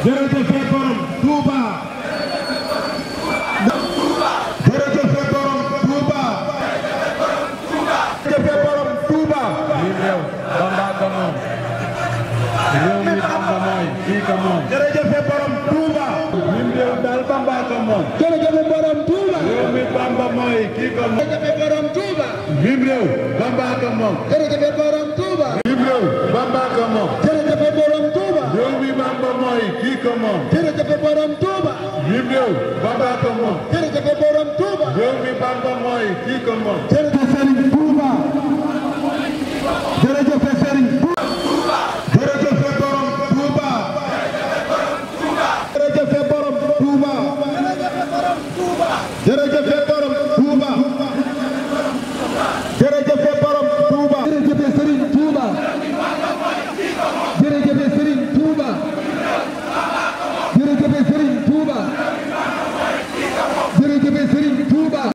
jërëjëf borom Touba jërëjëf borom Touba jërëjëf borom Touba lii réew Bamba ka moom réew mi Bamba mooy fii ka moom jërëjëf borom Touba lii réew daal Bamba ka moom jërëjëf borom Touba réew mi Bamba mooy kii ka moom jërëjëf borom Touba lii réew Bamba ka moom jërëjëf borom diika moom. jërëjëf borom Touba. taalibe Serigne Touba